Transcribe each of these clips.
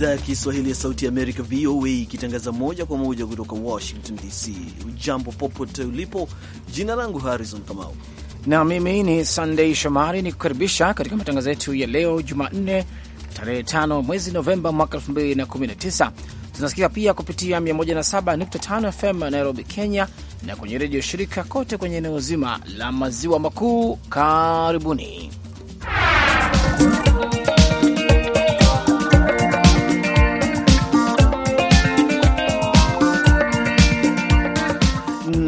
idhaa ya Kiswahili ya Sauti ya Amerika, VOA, ikitangaza moja kwa moja kutoka Washington DC. Ujambo popote ulipo, jina langu Harrison Kamau na mimi ni Sandei Shomari ni kukaribisha katika matangazo yetu ya leo Jumanne tarehe 5 mwezi Novemba mwaka 2019. Tunasikika pia kupitia 107.5 FM Nairobi, Kenya, na kwenye redio shirika kote kwenye eneo zima la maziwa makuu. Karibuni.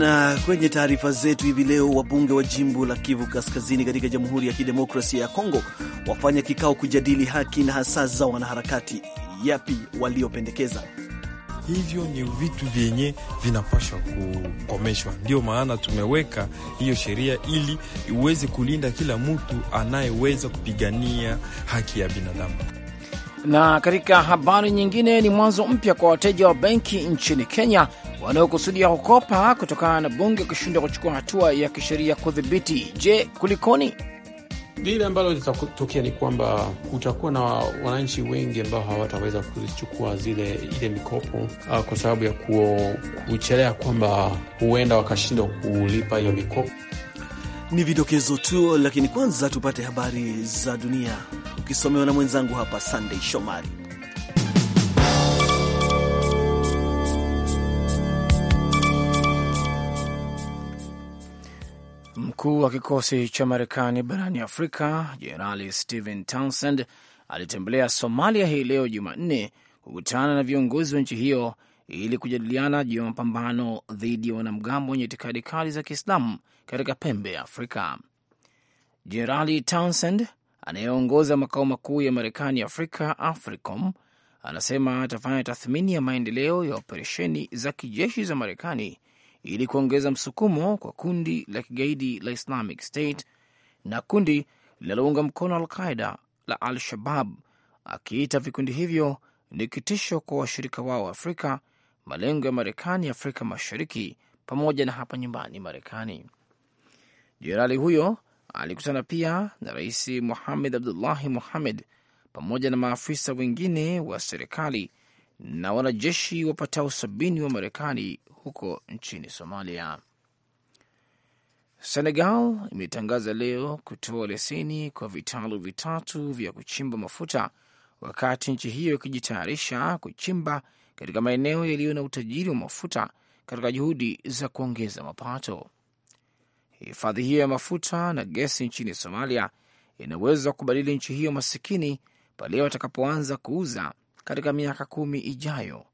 na kwenye taarifa zetu hivi leo, wabunge wa jimbo la Kivu Kaskazini katika Jamhuri ya Kidemokrasia ya Kongo wafanya kikao kujadili haki na hasa za wanaharakati. Yapi waliopendekeza? Hivyo ni vitu vyenye vinapashwa kukomeshwa. ndio maana tumeweka hiyo sheria ili iweze kulinda kila mtu anayeweza kupigania haki ya binadamu. Na katika habari nyingine, ni mwanzo mpya kwa wateja wa benki nchini Kenya wanaokusudia kukopa kutokana na bunge kushindwa kuchukua hatua ya kisheria kudhibiti. Je, kulikoni? Lile ambalo litatokea ni kwamba kutakuwa na wananchi wengi ambao hawataweza kuzichukua zile ile mikopo uh, kwa sababu ya kuchelea kwamba huenda wakashindwa kulipa hiyo mikopo. Ni vidokezo tu, lakini kwanza tupate habari za dunia ukisomewa na mwenzangu hapa Sunday Shomari. Mkuu wa kikosi cha Marekani barani Afrika Jenerali Stephen Townsend alitembelea Somalia hii leo Jumanne kukutana na viongozi wa nchi hiyo ili kujadiliana juu ya mapambano dhidi ya wanamgambo wenye itikadi kali za Kiislamu katika pembe ya Afrika. Jenerali Townsend anayeongoza makao makuu ya Marekani Afrika, AFRICOM, anasema atafanya tathmini ya maendeleo ya operesheni za kijeshi za Marekani ili kuongeza msukumo kwa kundi la kigaidi la Islamic State na kundi linalounga mkono Al-Qaida la Al-Shabab, akiita vikundi hivyo ni kitisho kwa washirika wao wa Afrika malengo ya Marekani Afrika Mashariki pamoja na hapa nyumbani Marekani. Jenerali huyo alikutana pia na Rais muhamed Abdullahi muhamed pamoja na maafisa wengine wa serikali na wanajeshi wapatao sabini wa Marekani huko nchini Somalia. Senegal imetangaza leo kutoa leseni kwa vitalu vitatu vya kuchimba mafuta wakati nchi hiyo ikijitayarisha kuchimba katika maeneo yaliyo na utajiri wa mafuta katika juhudi za kuongeza mapato. Hifadhi hiyo ya mafuta na gesi nchini Somalia inaweza kubadili nchi hiyo masikini pale watakapoanza kuuza katika miaka kumi ijayo,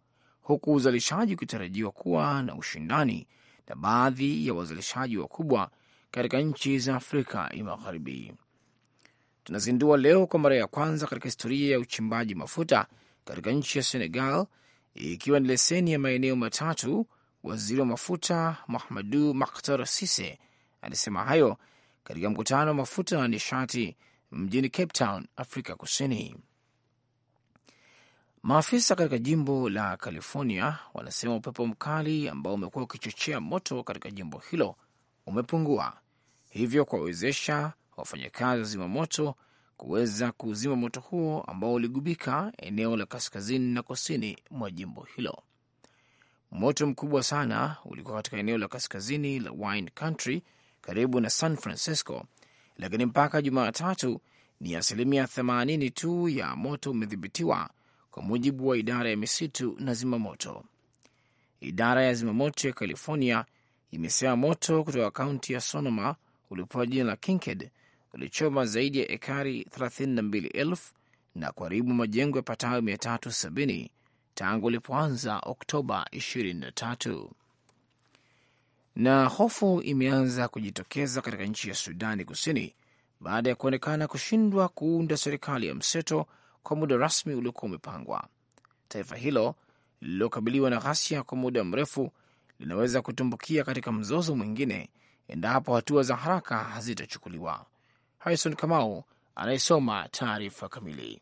huku uzalishaji ukitarajiwa kuwa na ushindani na baadhi ya wazalishaji wakubwa katika nchi za Afrika ya Magharibi. Tunazindua leo kwa mara ya kwanza katika historia ya uchimbaji mafuta katika nchi ya Senegal ikiwa ni leseni ya maeneo matatu. Waziri wa mafuta Mahmadu Maktar Sise alisema hayo katika mkutano wa mafuta na nishati mjini Cape Town, Afrika Kusini. Maafisa katika jimbo la California wanasema upepo mkali ambao umekuwa ukichochea moto katika jimbo hilo umepungua, hivyo kuwawezesha wafanyakazi wa zimamoto kuweza kuzima moto huo ambao uligubika eneo la kaskazini na kusini mwa jimbo hilo. Moto mkubwa sana ulikuwa katika eneo la kaskazini la Wine Country karibu na San Francisco, lakini mpaka Jumatatu ni asilimia 80 tu ya moto umedhibitiwa, kwa mujibu wa idara ya misitu na zimamoto. Idara ya zimamoto ya California imesema moto kutoka kaunti ya Sonoma uliopewa jina la Kinkade walichoma zaidi ya ekari 32,000 na kuharibu majengo ya patayo 370 tangu ulipoanza Oktoba 23. Na hofu imeanza kujitokeza katika nchi ya Sudani Kusini baada ya kuonekana kushindwa kuunda serikali ya mseto kwa muda rasmi uliokuwa umepangwa. Taifa hilo lililokabiliwa na ghasia kwa muda mrefu linaweza kutumbukia katika mzozo mwingine endapo hatua za haraka hazitachukuliwa. Harrison Kamau anayesoma taarifa kamili.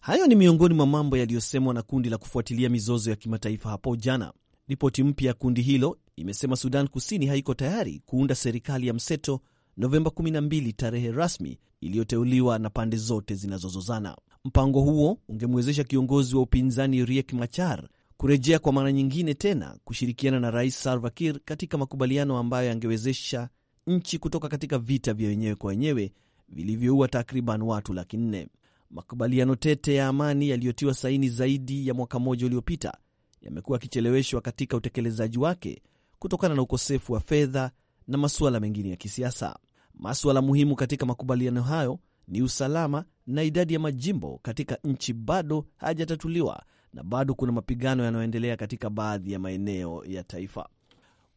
Hayo ni miongoni mwa mambo yaliyosemwa na kundi la kufuatilia mizozo ya kimataifa hapo jana. Ripoti mpya ya kundi hilo imesema Sudan Kusini haiko tayari kuunda serikali ya mseto Novemba 12, tarehe rasmi iliyoteuliwa na pande zote zinazozozana. Mpango huo ungemwezesha kiongozi wa upinzani Riek Machar kurejea kwa mara nyingine tena kushirikiana na Rais Salva Kiir katika makubaliano ambayo yangewezesha nchi kutoka katika vita vya wenyewe kwa wenyewe vilivyoua takriban watu laki nne. Makubaliano tete ya amani yaliyotiwa saini zaidi ya mwaka mmoja uliopita yamekuwa yakicheleweshwa katika utekelezaji wake kutokana na ukosefu wa fedha na masuala mengine ya kisiasa. Masuala muhimu katika makubaliano hayo ni usalama na idadi ya majimbo katika nchi bado hayajatatuliwa na bado kuna mapigano yanayoendelea katika baadhi ya maeneo ya taifa.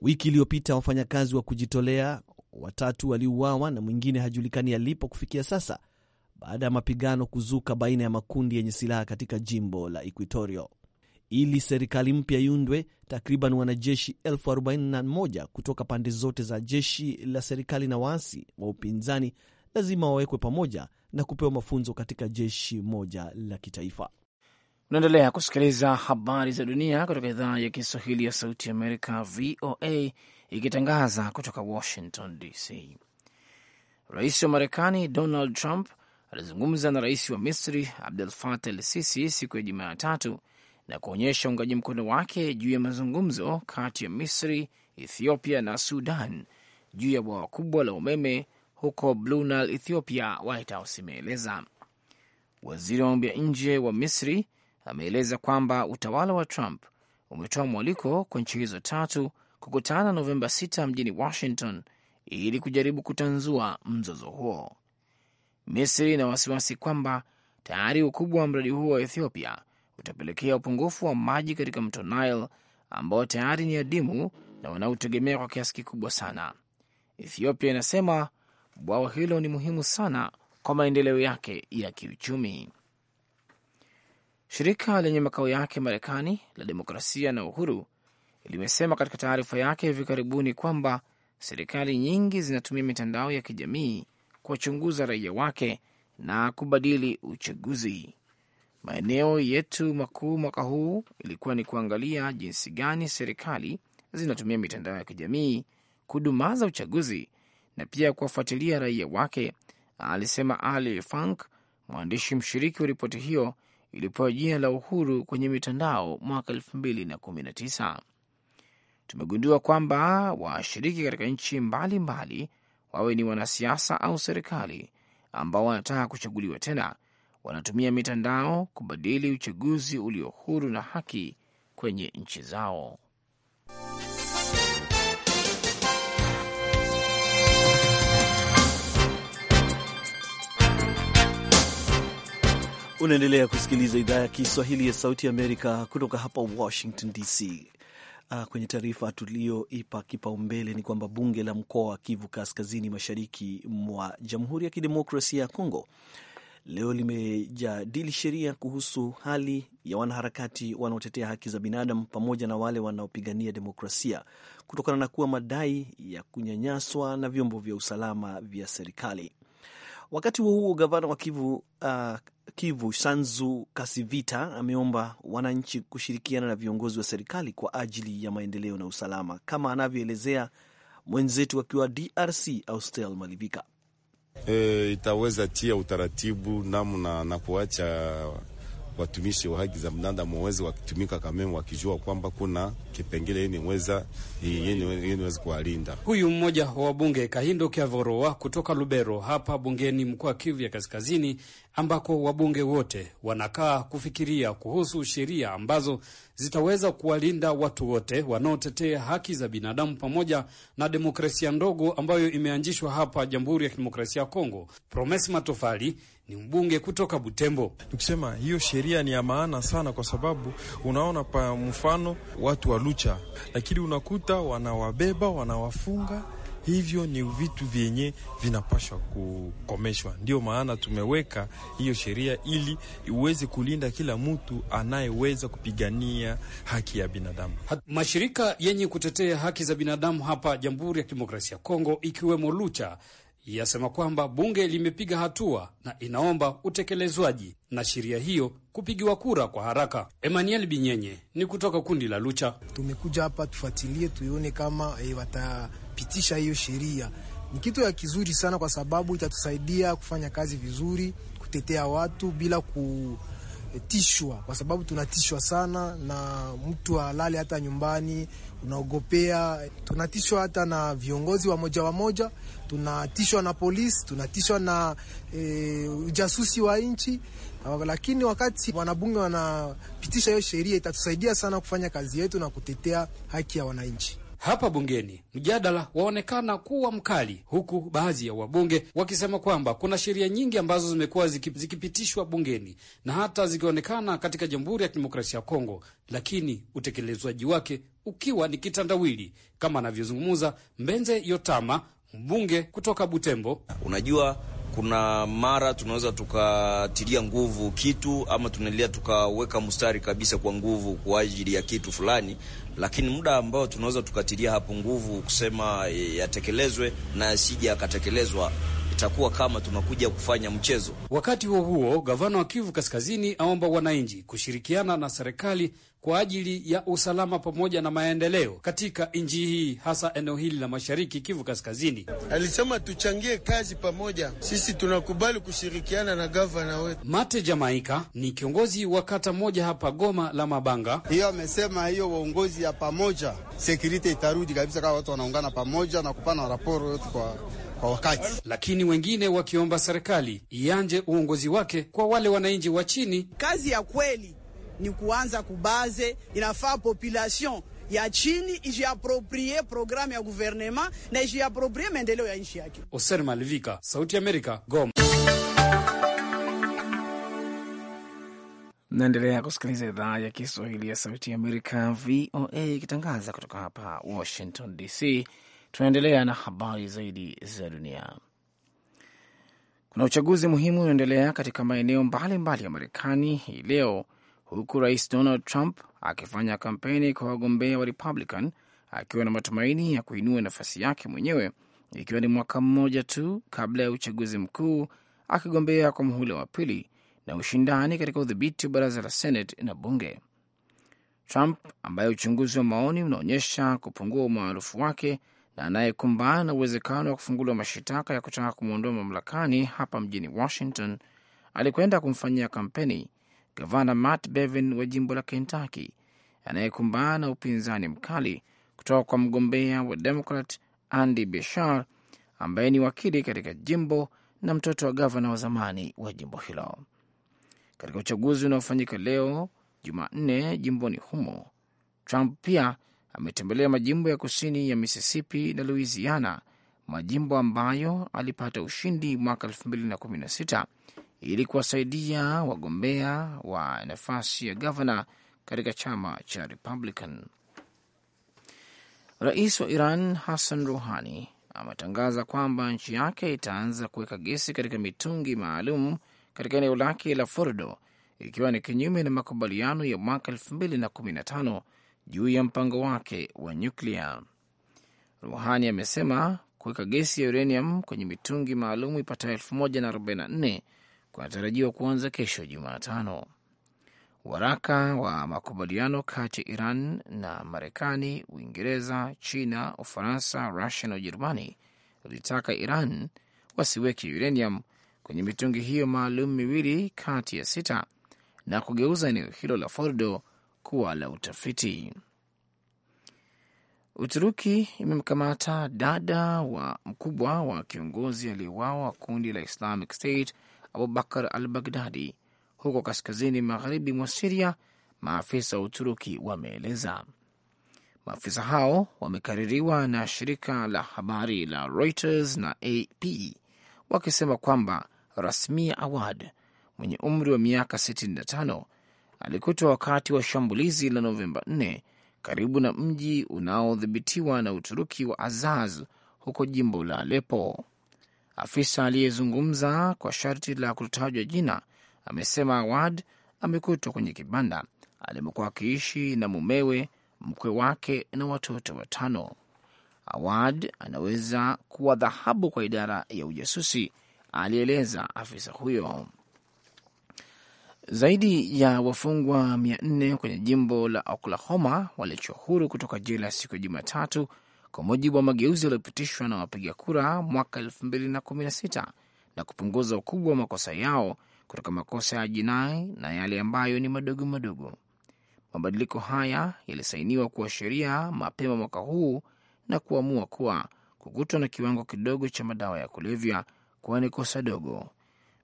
Wiki iliyopita wafanyakazi wa kujitolea watatu waliuawa na mwingine hajulikani alipo kufikia sasa baada ya mapigano kuzuka baina ya makundi yenye silaha katika jimbo la equitorio Ili serikali mpya iundwe, takriban wanajeshi 41 kutoka pande zote za jeshi la serikali na waasi wa upinzani lazima wawekwe pamoja na kupewa mafunzo katika jeshi moja la kitaifa. Unaendelea kusikiliza habari za dunia kutoka idhaa ya Kiswahili ya Sauti ya Amerika, VOA ikitangaza kutoka Washington DC. Rais wa Marekani Donald Trump alizungumza na rais wa Misri Abdel Fattah El Sisi siku ya Jumatatu na kuonyesha uungaji mkono wake juu ya mazungumzo kati ya Misri, Ethiopia na Sudan juu ya bwawa kubwa la umeme huko Blue Nile, Ethiopia. White House imeeleza. Waziri wa mambo ya nje wa Misri ameeleza kwamba utawala wa Trump umetoa mwaliko kwa nchi hizo tatu kukutana Novemba 6 mjini Washington ili kujaribu kutanzua mzozo huo. Misri ina wasiwasi kwamba tayari ukubwa wa mradi huo wa Ethiopia utapelekea upungufu wa maji katika mto Nile ambao tayari ni adimu na wanaotegemea kwa kiasi kikubwa sana. Ethiopia inasema bwawa hilo ni muhimu sana kwa maendeleo yake ya kiuchumi. Shirika lenye makao yake Marekani la demokrasia na uhuru limesema katika taarifa yake hivi karibuni kwamba serikali nyingi zinatumia mitandao ya kijamii kuwachunguza raia wake na kubadili uchaguzi. Maeneo yetu makuu mwaka huu ilikuwa ni kuangalia jinsi gani serikali zinatumia mitandao ya kijamii kudumaza uchaguzi na pia kuwafuatilia raia wake, alisema Ali Funk, mwandishi mshiriki wa ripoti hiyo iliyopewa jina la Uhuru kwenye mitandao mwaka 2019 tumegundua kwamba washiriki katika nchi mbalimbali, wawe ni wanasiasa au serikali, ambao wanataka kuchaguliwa tena, wanatumia mitandao kubadili uchaguzi ulio huru na haki kwenye nchi zao. Unaendelea kusikiliza idhaa ya Kiswahili ya Sauti ya Amerika kutoka hapa Washington DC. Uh, kwenye taarifa tuliyoipa kipaumbele ni kwamba bunge la mkoa wa Kivu Kaskazini mashariki mwa Jamhuri ya Kidemokrasia ya Kongo leo limejadili sheria kuhusu hali ya wanaharakati wanaotetea haki za binadamu pamoja na wale wanaopigania demokrasia kutokana na kuwa madai ya kunyanyaswa na vyombo vya usalama vya serikali. Wakati huo huo, gavana wa Kivu, uh, Kivu Sanzu Kasivita ameomba wananchi kushirikiana na viongozi wa serikali kwa ajili ya maendeleo na usalama, kama anavyoelezea mwenzetu akiwa DRC Austel Malivika. E, itaweza tia utaratibu namna na kuacha watumishi wa haki za mnanda waweze wakitumika kameme, wakijua kwamba kuna kipengele yeneweza yeneweza kuwalinda. Huyu mmoja wa bunge Kahindo kiavoroa kutoka Lubero hapa bungeni mkoa wa Kivu ya Kaskazini ambako wabunge wote wanakaa kufikiria kuhusu sheria ambazo zitaweza kuwalinda watu wote wanaotetea haki za binadamu pamoja na demokrasia ndogo ambayo imeanzishwa hapa Jamhuri ya Kidemokrasia ya Kongo. Promes Matofali ni mbunge kutoka Butembo. Tukisema hiyo sheria ni ya maana sana, kwa sababu unaona, pa mfano watu wa Lucha, lakini unakuta wanawabeba wanawafunga Hivyo ni vitu vyenye vinapashwa kukomeshwa. Ndio maana tumeweka hiyo sheria ili iweze kulinda kila mtu anayeweza kupigania haki ya binadamu. Mashirika yenye kutetea haki za binadamu hapa Jamhuri ya Kidemokrasia ya Kongo ikiwemo Lucha yasema kwamba bunge limepiga hatua na inaomba utekelezwaji na sheria hiyo kupigiwa kura kwa haraka. Emmanuel Binyenye ni kutoka kundi la Lucha. Tumekuja hapa tufuatilie, tuione kama e, watapitisha hiyo sheria. Ni kitu ya kizuri sana, kwa sababu itatusaidia kufanya kazi vizuri, kutetea watu bila ku tishwa kwa sababu tunatishwa sana na mtu halali hata nyumbani unaogopea. Tunatishwa hata na viongozi wamoja wamoja, tunatishwa na polisi, tunatishwa na e, ujasusi wa nchi. Lakini wakati wanabunge wanapitisha hiyo sheria, itatusaidia sana kufanya kazi yetu na kutetea haki ya wananchi. Hapa bungeni mjadala waonekana kuwa mkali, huku baadhi ya wabunge wakisema kwamba kuna sheria nyingi ambazo zimekuwa zikipitishwa bungeni na hata zikionekana katika Jamhuri ya Kidemokrasia ya Kongo, lakini utekelezwaji wake ukiwa ni kitandawili, kama anavyozungumza Mbenze Yotama, mbunge kutoka Butembo. Unajua, kuna mara tunaweza tukatilia nguvu kitu ama tunaendelea tukaweka mstari kabisa kwa nguvu kwa ajili ya kitu fulani, lakini muda ambao tunaweza tukatilia hapo nguvu kusema e, yatekelezwe na yasija yakatekelezwa itakuwa kama tunakuja kufanya mchezo. Wakati huo huo, gavana wa Kivu Kaskazini aomba wananchi kushirikiana na serikali kwa ajili ya usalama pamoja na maendeleo katika nchi hii, hasa eneo hili la mashariki Kivu Kaskazini. Alisema tuchangie kazi pamoja, sisi tunakubali kushirikiana na gavana wetu. Mate Jamaika ni kiongozi wa kata moja hapa Goma la Mabanga. Hiyo amesema hiyo uongozi ya pamoja, sekurite itarudi kabisa kama watu wanaungana pamoja na kupana raporo yote kwa kwa wakati, lakini wengine wakiomba serikali ianje uongozi wake kwa wale wananchi wa chini, kazi ya kweli ni kuanza kubaze, inafaa population ya chini ijiaproprie programu ya guvernema na ijiaproprie maendeleo ya nchi yake. Oser Malivika, Sauti ya Amerika, Goma. Naendelea kusikiliza idhaa ya Kiswahili ya Sauti Amerika, VOA, ikitangaza kutoka hapa Washington DC. Tunaendelea na habari zaidi za dunia. Kuna uchaguzi muhimu unaendelea katika maeneo mbalimbali ya Marekani hii leo huku rais Donald Trump akifanya kampeni kwa wagombea wa Republican akiwa na matumaini ya kuinua nafasi yake mwenyewe ikiwa ni mwaka mmoja tu kabla ya uchaguzi mkuu akigombea kwa muhula wa pili na ushindani katika udhibiti wa baraza la Senate na bunge. Trump ambaye uchunguzi wa maoni unaonyesha kupungua umaarufu wake na anayekumbana na uwezekano wa kufunguliwa mashitaka ya kutaka kumwondoa mamlakani hapa mjini Washington, alikwenda kumfanyia kampeni gavana Matt Bevin wa jimbo la Kentucky anayekumbana na upinzani mkali kutoka kwa mgombea wa Demokrat Andy Bashar ambaye ni wakili katika jimbo na mtoto wa gavana wa zamani wa jimbo hilo. Katika uchaguzi unaofanyika leo Jumanne jimboni humo, Trump pia ametembelea majimbo ya kusini ya Mississippi na Louisiana, majimbo ambayo alipata ushindi mwaka 2016 ili kuwasaidia wagombea wa nafasi ya gavana katika chama cha Republican. Rais wa Iran Hassan Rouhani ametangaza kwamba nchi yake itaanza kuweka gesi katika mitungi maalum katika eneo lake la Fordo, ikiwa ni kinyume na makubaliano ya mwaka 2015 juu ya mpango wake wa nyuklia. Ruhani amesema kuweka gesi ya uranium kwenye mitungi maalum ipatayo 1044 kunatarajiwa kuanza kesho Jumatano. Waraka wa makubaliano kati ya Iran na Marekani, Uingereza, China, Ufaransa, Rusia na Ujerumani ulitaka Iran wasiweke uranium kwenye mitungi hiyo maalum miwili kati ya sita na kugeuza eneo hilo la Fordo kuwa la utafiti. Uturuki imemkamata dada wa mkubwa wa kiongozi aliyewawa wa kundi la Islamic State Abubakar al Baghdadi huko kaskazini magharibi mwa Siria, maafisa wa Uturuki wameeleza. Maafisa hao wamekaririwa na shirika la habari la Reuters na AP wakisema kwamba Rasmia Awad mwenye umri wa miaka 65 alikutwa wakati wa shambulizi la Novemba 4 karibu na mji unaodhibitiwa na Uturuki wa Azaz huko jimbo la Alepo. Afisa aliyezungumza kwa sharti la kutotajwa jina amesema Awad amekutwa kwenye kibanda alimekuwa akiishi na mumewe, mkwe wake na watoto watano. Awad anaweza kuwa dhahabu kwa idara ya ujasusi, alieleza afisa huyo. Zaidi ya wafungwa mia nne kwenye jimbo la Oklahoma waliachiwa huru kutoka jela siku ya Jumatatu kwa mujibu wa mageuzi yaliyopitishwa na wapiga kura mwaka 2016 na kupunguza ukubwa wa makosa yao kutoka makosa ya jinai na yale ambayo ni madogo madogo. Mabadiliko haya yalisainiwa kuwa sheria mapema mwaka huu na kuamua kuwa kukutwa na kiwango kidogo cha madawa ya kulevya kuwa ni kosa dogo.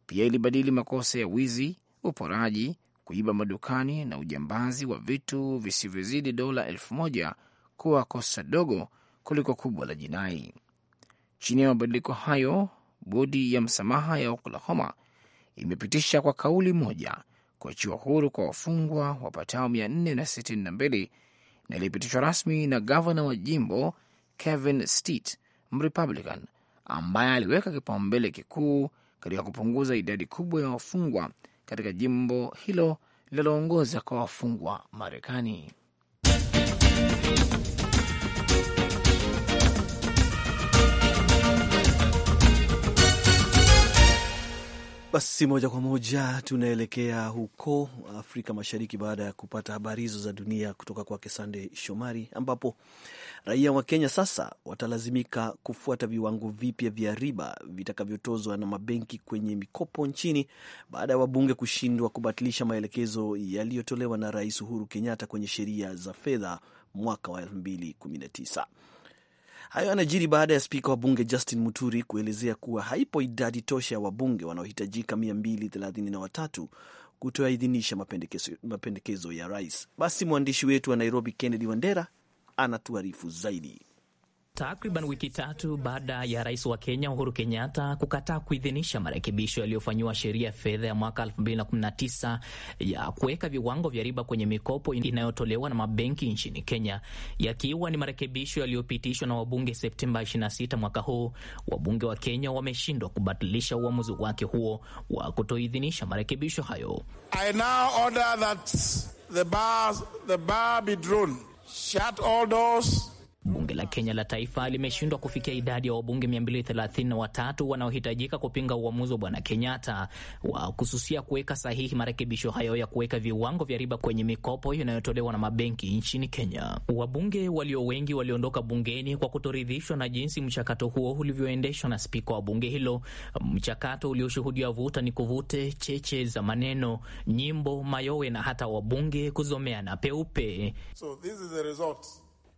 Pia ilibadili makosa ya wizi, uporaji, kuiba madukani na ujambazi wa vitu visivyozidi dola elfu moja kuwa kosa dogo kuliko kubwa la jinai. Chini ya mabadiliko hayo, bodi ya msamaha ya Oklahoma imepitisha kwa kauli moja kuachiwa huru kwa wafungwa wapatao 462 na ilipitishwa rasmi na gavana wa jimbo Kevin Stitt Mrepublican, ambaye aliweka kipaumbele kikuu katika kupunguza idadi kubwa ya wafungwa katika jimbo hilo linaloongoza kwa wafungwa Marekani. Basi moja kwa moja tunaelekea huko Afrika Mashariki baada ya kupata habari hizo za dunia kutoka kwake Sande Shomari, ambapo raia wa Kenya sasa watalazimika kufuata viwango vipya vya riba vitakavyotozwa na mabenki kwenye mikopo nchini baada ya wabunge kushindwa kubatilisha maelekezo yaliyotolewa na Rais Uhuru Kenyatta kwenye sheria za fedha mwaka wa 2019. Hayo yanajiri baada ya spika wa bunge Justin Muturi kuelezea kuwa haipo idadi tosha ya wabunge wanaohitajika 233 kutoidhinisha mapendekezo, mapendekezo ya rais. Basi mwandishi wetu wa Nairobi Kennedy Wandera anatuarifu zaidi. Takriban wiki tatu baada ya rais wa Kenya Uhuru Kenyatta kukataa kuidhinisha marekebisho yaliyofanyiwa sheria ya fedha ya mwaka 2019 ya kuweka viwango vya riba kwenye mikopo inayotolewa na mabenki nchini Kenya, yakiwa ni marekebisho yaliyopitishwa na wabunge Septemba 26 mwaka huu, wabunge wa Kenya wameshindwa kubatilisha uamuzi wake huo wa kutoidhinisha marekebisho hayo. I now order that the bar, the bar be drawn. Shut all doors. Bunge la Kenya la Taifa limeshindwa kufikia idadi ya wabunge 233 wanaohitajika kupinga uamuzi wa Bwana Kenyatta wa kususia kuweka sahihi marekebisho hayo ya kuweka viwango vya riba kwenye mikopo inayotolewa na mabenki nchini Kenya. Wabunge walio wengi waliondoka bungeni kwa kutoridhishwa na jinsi mchakato huo ulivyoendeshwa na spika wa bunge hilo, mchakato ulioshuhudia vuta ni kuvute, cheche za maneno, nyimbo, mayowe na hata wabunge kuzomeana peupe. So this is result.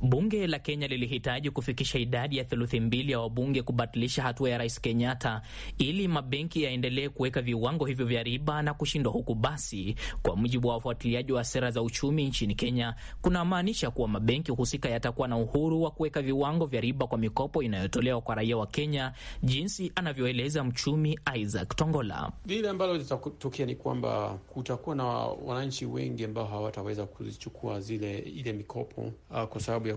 Bunge la Kenya lilihitaji kufikisha idadi ya theluthi mbili ya wabunge kubatilisha hatua ya Rais Kenyatta ili mabenki yaendelee kuweka viwango hivyo vya riba na kushindwa huku. Basi, kwa mujibu wa wafuatiliaji wa sera za uchumi nchini Kenya, kunamaanisha kuwa mabenki husika yatakuwa na uhuru wa kuweka viwango vya riba kwa mikopo inayotolewa kwa raia wa Kenya, jinsi anavyoeleza mchumi Isaac Tongola. Vile ambalo litatokea ni kwamba kutakuwa na wananchi wengi ambao hawataweza kuzichukua zile ile mikopo uh, kwa sababu sababu ya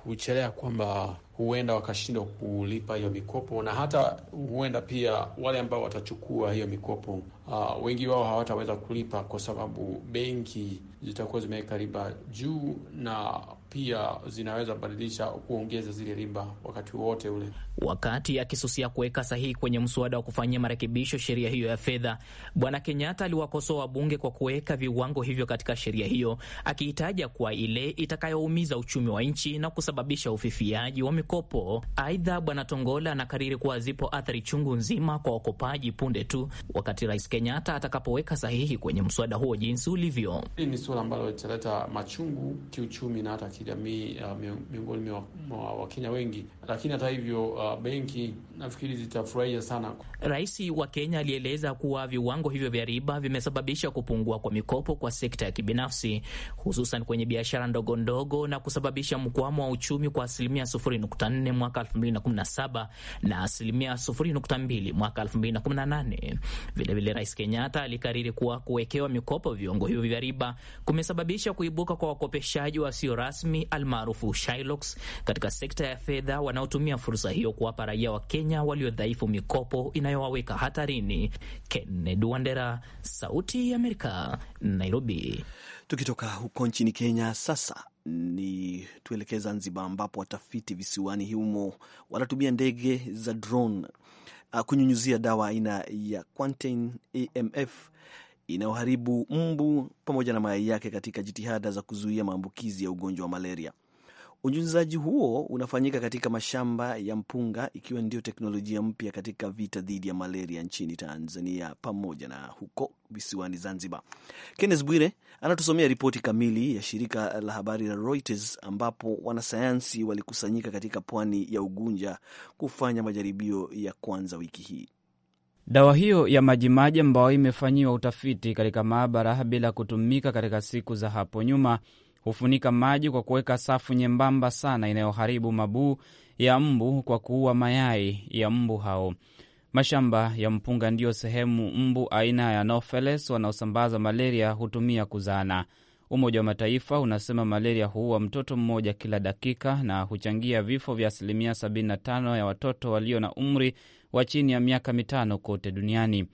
kuchelea kwamba huenda wakashindwa kulipa hiyo mikopo, na hata huenda pia wale ambao watachukua hiyo mikopo uh, wengi wao hawataweza kulipa kwa sababu benki zitakuwa zimeweka riba juu na pia zinaweza badilisha kuongeza zile riba wakati wote ule. Wakati akisusia kuweka sahihi kwenye mswada wa kufanyia marekebisho sheria hiyo ya fedha, Bwana Kenyatta aliwakosoa wabunge kwa kuweka viwango hivyo katika sheria hiyo, akiitaja kuwa ile itakayoumiza uchumi wa nchi na kusababisha ufifiaji wa mikopo. Aidha, Bwana Tongola anakariri kuwa zipo athari chungu nzima kwa wakopaji punde tu wakati Rais Kenyatta atakapoweka sahihi kwenye mswada huo jinsi ulivyo. Hii ni suala ambalo litaleta machungu kiuchumi na hata jamii uh, miongoni mwa Wakenya wengi, lakini hata hivyo uh, benki nafikiri zitafurahia sana. Rais wa Kenya alieleza kuwa viwango hivyo vya riba vimesababisha kupungua kwa mikopo kwa sekta ya kibinafsi, hususan kwenye biashara ndogo ndogo na kusababisha mkwamo wa uchumi kwa asilimia 0.4 mwaka 2017 na asilimia 0.2 mwaka 2018. Vilevile Rais Kenyatta alikariri kuwa kuwekewa mikopo viwango hivyo vya riba kumesababisha kuibuka kwa wakopeshaji wasio rasmi rasmi almaarufu Shylocks katika sekta ya fedha wanaotumia fursa hiyo kuwapa raia wa Kenya waliodhaifu mikopo inayowaweka hatarini. Kennedy Wandera, Sauti ya Amerika, Nairobi. Tukitoka huko nchini Kenya sasa ni tuelekee Zanzibar ambapo watafiti visiwani humo wanatumia ndege za drone uh, kunyunyuzia dawa aina ya Quantain AMF inayoharibu mbu pamoja na mayai yake katika jitihada za kuzuia maambukizi ya ugonjwa wa malaria. Unyunyizaji huo unafanyika katika mashamba ya mpunga, ikiwa ndio teknolojia mpya katika vita dhidi ya malaria nchini Tanzania pamoja na huko visiwani Zanzibar. Kenneth Bwire anatusomea ripoti kamili ya shirika la habari la Reuters, ambapo wanasayansi walikusanyika katika pwani ya Ugunja kufanya majaribio ya kwanza wiki hii. Dawa hiyo ya majimaji ambayo imefanyiwa utafiti katika maabara bila kutumika katika siku za hapo nyuma hufunika maji kwa kuweka safu nyembamba sana inayoharibu mabuu ya mbu kwa kuua mayai ya mbu hao. Mashamba ya mpunga ndiyo sehemu mbu aina ya Anopheles wanaosambaza malaria hutumia kuzana Umoja wa Mataifa unasema malaria huua mtoto mmoja kila dakika na huchangia vifo vya asilimia 75 ya watoto walio na umri wa chini ya miaka mitano kote duniani.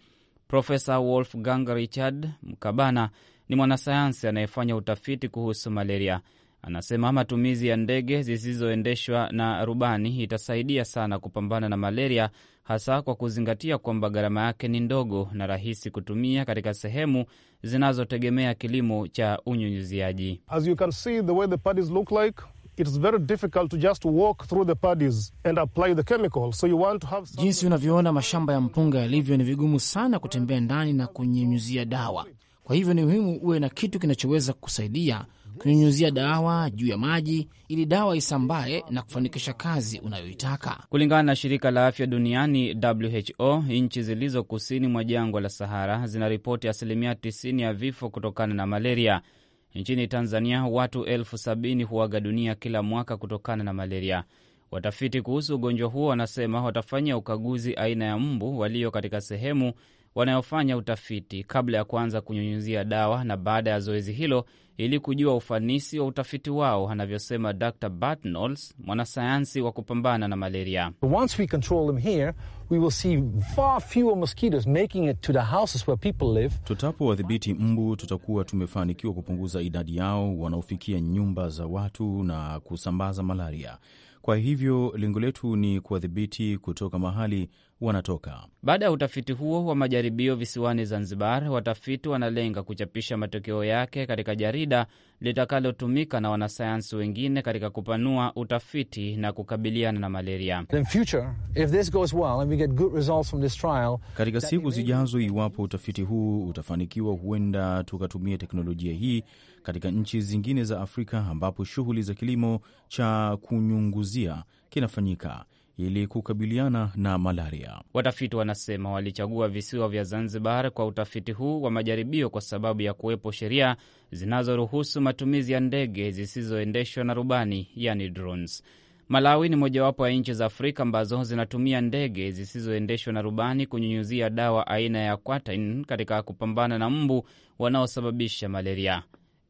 Profesa Wolfgang Richard Mkabana ni mwanasayansi anayefanya utafiti kuhusu malaria. Anasema matumizi ya ndege zisizoendeshwa na rubani itasaidia sana kupambana na malaria, hasa kwa kuzingatia kwamba gharama yake ni ndogo na rahisi kutumia katika sehemu zinazotegemea kilimo cha unyunyuziaji As you can see, the way the look like, Jinsi unavyoona mashamba ya mpunga yalivyo, ni vigumu sana kutembea ndani na kunyunyuzia dawa. Kwa hivyo ni muhimu uwe na kitu kinachoweza kusaidia kunyunyuzia dawa juu ya maji ili dawa isambae na kufanikisha kazi unayoitaka. Kulingana na shirika la afya duniani WHO, nchi zilizo kusini mwa jangwa la Sahara zinaripoti asilimia 90 ya vifo kutokana na malaria. Nchini Tanzania watu elfu sabini huaga dunia kila mwaka kutokana na malaria. Watafiti kuhusu ugonjwa huo wanasema watafanya ukaguzi aina ya mbu walio katika sehemu wanayofanya utafiti kabla ya kuanza kunyunyuzia dawa na baada ya zoezi hilo ili kujua ufanisi wa utafiti wao, anavyosema Dr Bartnols, mwanasayansi wa kupambana na malaria. Tutapowadhibiti mbu, tutakuwa tumefanikiwa kupunguza idadi yao wanaofikia nyumba za watu na kusambaza malaria. Kwa hivyo lengo letu ni kuwadhibiti kutoka mahali wanatoka. Baada ya utafiti huo wa majaribio visiwani Zanzibar, watafiti wanalenga kuchapisha matokeo yake katika jarida litakalotumika na wanasayansi wengine katika kupanua utafiti na kukabiliana na malaria well trial, katika siku zijazo, iwapo utafiti huu utafanikiwa, huenda tukatumia teknolojia hii katika nchi zingine za Afrika ambapo shughuli za kilimo cha kunyunguzia kinafanyika ili kukabiliana na malaria. Watafiti wanasema walichagua visiwa vya Zanzibar kwa utafiti huu wa majaribio kwa sababu ya kuwepo sheria zinazoruhusu matumizi ya ndege zisizoendeshwa na rubani, yani drones. Malawi ni mojawapo ya nchi za Afrika ambazo zinatumia ndege zisizoendeshwa na rubani kunyunyuzia dawa aina ya katika kupambana na mbu wanaosababisha malaria.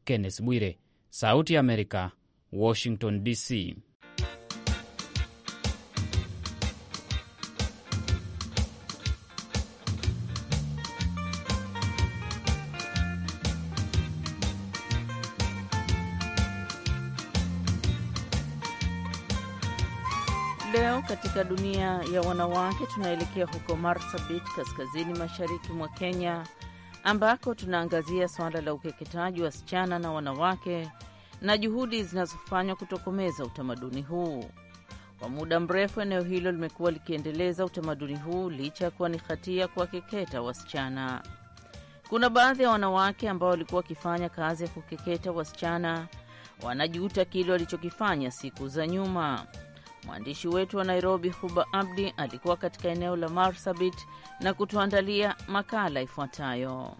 Kenneth Bwire, Sauti ya Amerika, Washington DC. Leo katika dunia ya wanawake tunaelekea huko Marsabit, kaskazini mashariki mwa Kenya ambako tunaangazia suala la ukeketaji wa wasichana na wanawake na juhudi zinazofanywa kutokomeza utamaduni huu. Kwa muda mrefu, eneo hilo limekuwa likiendeleza utamaduni huu licha ya kuwa ni hatia kuwakeketa wasichana. Kuna baadhi ya wanawake ambao walikuwa wakifanya kazi ya kukeketa wasichana wanajuta kile walichokifanya siku za nyuma. Mwandishi wetu wa Nairobi, Huba Abdi, alikuwa katika eneo la Marsabit na kutuandalia makala ifuatayo.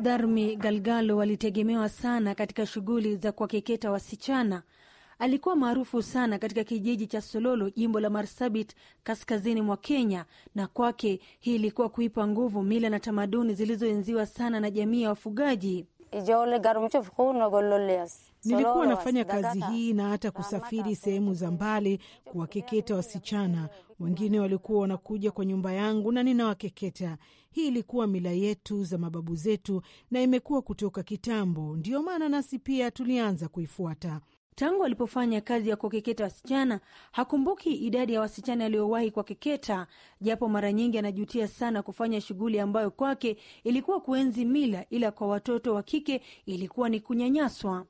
Dharmi Galgalo walitegemewa sana katika shughuli za kuwakeketa wasichana Alikuwa maarufu sana katika kijiji cha Sololo, jimbo la Marsabit, kaskazini mwa Kenya, na kwake hii ilikuwa kuipa nguvu mila na tamaduni zilizoenziwa sana na jamii ya wafugaji. Nilikuwa nafanya kazi hii na hata kusafiri sehemu za mbali kuwakeketa wasichana. Wengine walikuwa wanakuja kwa nyumba yangu na ninawakeketa. Hii ilikuwa mila yetu za mababu zetu na imekuwa kutoka kitambo, ndiyo maana nasi pia tulianza kuifuata. Tangu alipofanya kazi ya kukeketa wasichana hakumbuki idadi ya wasichana aliyowahi kuwakeketa, japo mara nyingi anajutia sana kufanya shughuli ambayo kwake ilikuwa kuenzi mila, ila kwa watoto wa kike ilikuwa ni kunyanyaswa.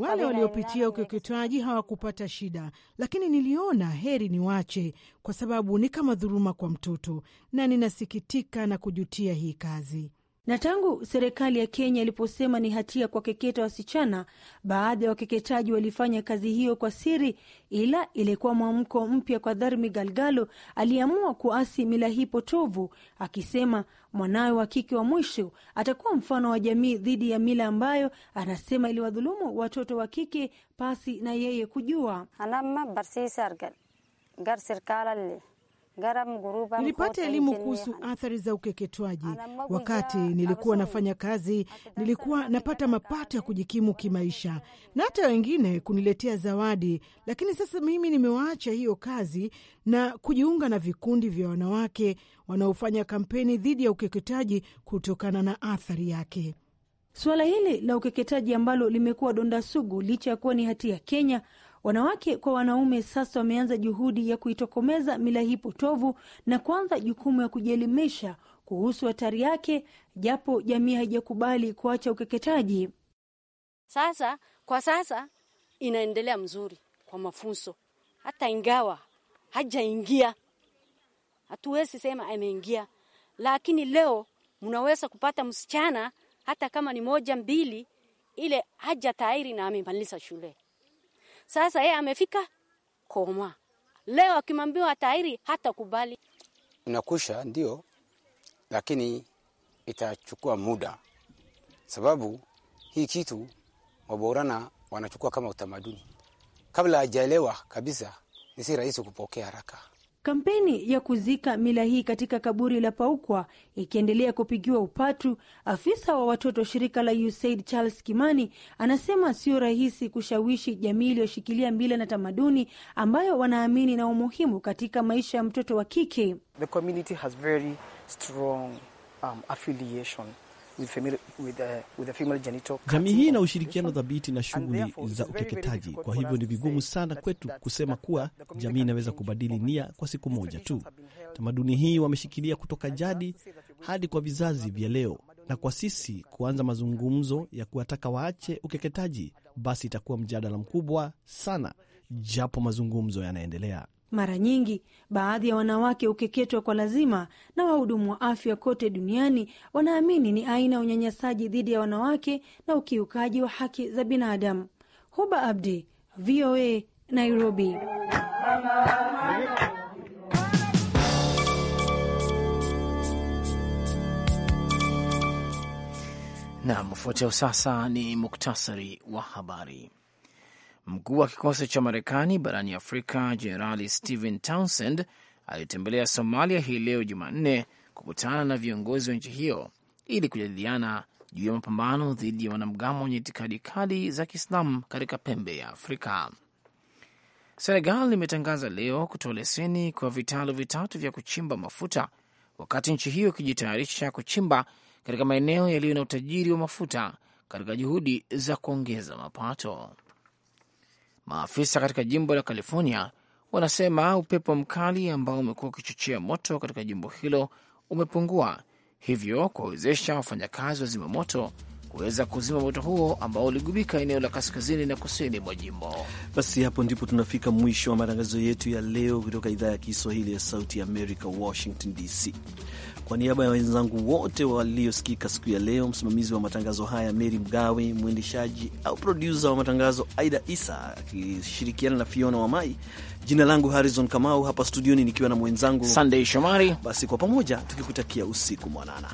Wale waliopitia ukeketaji hawakupata shida, lakini niliona heri niwache, kwa sababu ni kama dhuruma kwa mtoto, na ninasikitika na kujutia hii kazi. Na tangu serikali ya Kenya iliposema ni hatia kwa keketa wasichana, baadhi ya wakeketaji walifanya kazi hiyo kwa siri, ila ilikuwa mwamko mpya kwa Dharmi Galgalo aliyeamua kuasi mila hii potovu, akisema mwanawe wa kike wa mwisho atakuwa mfano wa jamii dhidi ya mila ambayo anasema iliwadhulumu watoto wa kike pasi na yeye kujua. Anama gar sirkaalale Nilipata elimu kuhusu athari za ukeketwaji wakati nilikuwa nafanya kazi. Nilikuwa napata mapato ya kujikimu kimaisha na hata wengine kuniletea zawadi, lakini sasa mimi nimewaacha hiyo kazi na kujiunga na vikundi vya wanawake wanaofanya kampeni dhidi ya ukeketaji kutokana na athari yake. Suala hili la ukeketaji ambalo limekuwa donda sugu licha ya kuwa ni hatia Kenya Wanawake kwa wanaume sasa wameanza juhudi ya kuitokomeza mila hii potovu na kuanza jukumu ya kujielimisha kuhusu hatari yake, japo jamii haijakubali kuacha ukeketaji. Sasa kwa sasa inaendelea mzuri kwa mafunzo, hata ingawa hajaingia, hatuwezi sema ameingia, lakini leo mnaweza kupata msichana hata kama ni moja mbili, ile haja tairi na amemaliza shule sasa yeye amefika koma leo, akimwambiwa tairi hata kubali unakusha ndio, lakini itachukua muda, sababu hii kitu Waborana wanachukua kama utamaduni, kabla hajaelewa kabisa, ni si rahisi kupokea haraka. Kampeni ya kuzika mila hii katika kaburi la Paukwa ikiendelea kupigiwa upatu, afisa wa watoto shirika la USAID Charles Kimani anasema sio rahisi kushawishi jamii iliyoshikilia mila na tamaduni ambayo wanaamini na umuhimu katika maisha ya mtoto wa kike. The community has very strong, um, affiliation with female, with, uh, with female genital. Jamii hii ina ushirikiano dhabiti na shughuli za ukeketaji, kwa hivyo ni vigumu sana kwetu kusema kuwa jamii inaweza kubadili nia kwa siku moja tu. Tamaduni hii wameshikilia kutoka jadi hadi kwa vizazi vya leo, na kwa sisi kuanza mazungumzo ya kuwataka waache ukeketaji, basi itakuwa mjadala mkubwa sana, japo mazungumzo yanaendelea. Mara nyingi baadhi ya wanawake hukeketwa kwa lazima, na wahudumu wa afya kote duniani wanaamini ni aina ya unyanyasaji dhidi ya wanawake na ukiukaji wa haki za binadamu. Huba Abdi, VOA, Nairobi. Nam, ufuatao sasa ni muktasari wa habari. Mkuu wa kikosi cha Marekani barani Afrika Jenerali Stephen Townsend alitembelea Somalia hii leo Jumanne kukutana na viongozi wa nchi hiyo ili kujadiliana juu ya mapambano dhidi ya wanamgambo wenye itikadi kali za Kiislamu katika pembe ya Afrika. Senegal limetangaza leo kutoa leseni kwa vitalu vitatu vya kuchimba mafuta wakati nchi hiyo ikijitayarisha kuchimba katika maeneo yaliyo na utajiri wa mafuta katika juhudi za kuongeza mapato. Maafisa katika jimbo la California wanasema upepo mkali ambao umekuwa ukichochea moto katika jimbo hilo umepungua, hivyo kuwawezesha wafanyakazi wa zima moto kuweza kuzima moto huo ambao uligubika eneo la kaskazini na kusini mwa jimbo. Basi hapo ndipo tunafika mwisho wa matangazo yetu ya leo kutoka idhaa ya Kiswahili ya Sauti ya Amerika, Washington DC. Kwa niaba ya wenzangu wote waliosikika siku ya leo, msimamizi wa matangazo haya Meri Mgawe, mwendeshaji au produsa wa matangazo Aida Isa akishirikiana na Fiona wa mai Jina langu Harrison Kamau, hapa studioni nikiwa na mwenzangu Sandey Shomari. Basi kwa pamoja tukikutakia usiku mwanana.